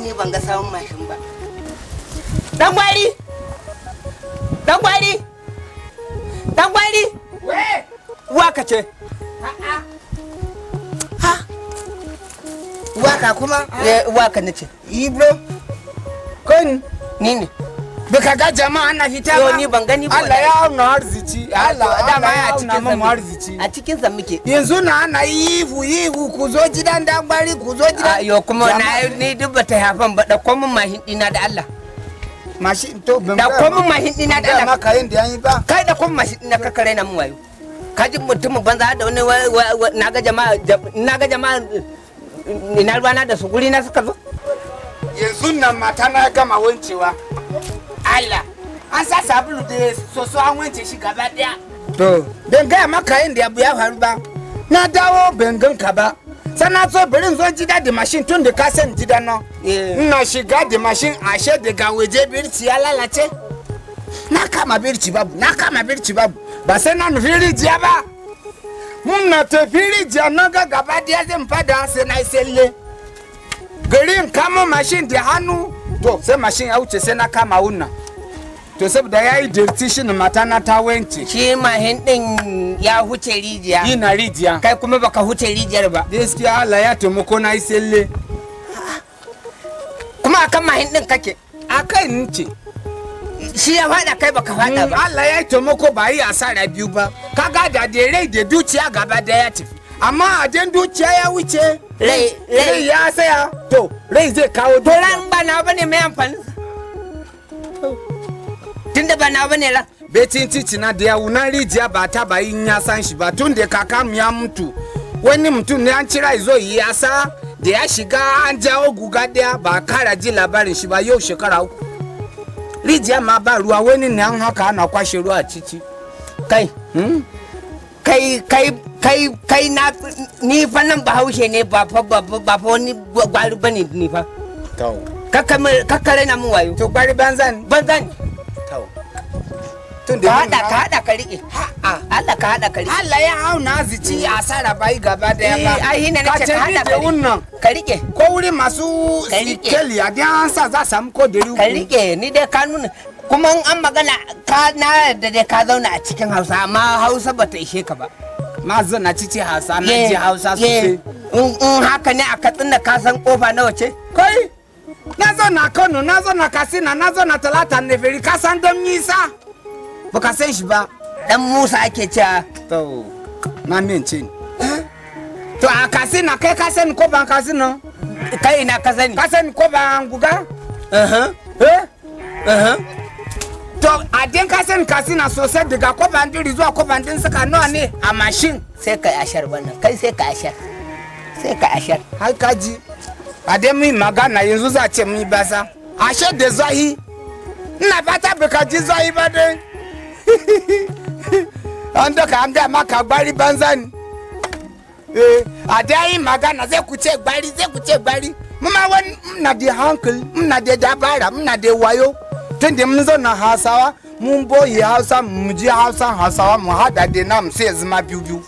ne ban ga samun mashin ba dan gwari dan gwari dan gwari waka ce ha waka kuma eh, waka nace ibro kon ni ne baka ga jama'a ana fita ba ni ban gani ba Allah ya auna arziki Allah dama ya auna mun arziki a cikin sa muke yanzu na ana yivu yivu ku zo gidan dan bari ku zo gidan yo kuma na ni duk bata hafan ba da kuma mashin dina da Allah mashin to da kuma mashin dina da Allah maka yin da yayi ba kai da kuma mashin dina ka kare na mun wayo kaji mutumin banza da wani na ga jama'a na ga jama'a eh, ina ruwana da su guri na suka zo yanzu nan mata na gama wancewa aila an sa sabulu da soso an wanke shi gaba daya to ban gaya maka yin da abu ya faru ba na dawo ban ganka ba so bari zo jida da mashin tun de ka san jida no ina shiga da mashin ashe daga waje birci ya lalace na kama birci babu na kama birci babu ba sai na nufi rijiya ba mun na tafi rijiya na ga gaba daya zan fada sai na yi selle kama mashin da hannu to sai mashin ya wuce sai na kama wunna to saboda ya yi dirti shi na mata na ta wance shi mahin din ya huce rijiya yi na rijiya kai kuma baka huce rijiyar ba gaskiya Allah ya taimako na yi selle kuma akan mahin din kake akai ce shi ya fada kai baka fada ba mm, Allah ya taimako ba yi asara biyu ba kaga da da rai da dukiya gaba da ya tafi amma a jan dukiya ya wuce rai ya saya to rai zai kawo to ran ba na bane mai amfani tun ba na bane ran betin titina da ya wunan rijiya ba ta ba yin ya san shi ba tun da kaka mu ya mutu wani mutum ne an cira izo yi ya sa da ya shiga an jawo guga daya ba kara ji labarin shi ba yau shekara uku rijiya ma ba ruwa wani ne an haka ana kwashe ruwa hmm? kai kai kai kai kai na ni fa nan bahaushe ne ba fa ba fa ni gwari ba ne ni fa kaka rena mun wayo to gwari banzan banzan tun da hada ka hada ka riƙe Allah ka hada ka rike Allah ya hauna zici sara bai gaba da ba eh, ai hina nace ka hada ka rike ka rike ko wuri masu sikeli a dan sa za samu ko dari ka rike ni da ka kuma an magana ka na da da ka zauna a cikin Hausa amma Hausa bata ishe ka ba mazo na cici hausa na ji hausa sosai in haka ne a katsina ka san kofa na ce kai na zo na kano na zo na kasina na zo na talata na feri ka san don nisa ba ka san shi ba dan musa ake cewa to na mince to a kasina kai ka sani kofan kasina kai ina ka sani ka sani kofan guga eh eh to a din ka sani ka sina sosai daga kwaban diri zuwa kwaban din suka nawa ne a mashin sai ka ashar wannan kai sai ka ashar sai ka ashar har ka ji a dai mun magana yanzu za ce mun basa ashe da zahi ina fata ka ji zahi ba dai an da ka an da maka gbari banza ni. eh a dai magana zai ku ce gbari zai ku ce gbari ma wani na da hankali na da dabara na da wayo tende mzo hasawa mumbo yi hausa muji hausa hasawa mu de nam sai zuma biyu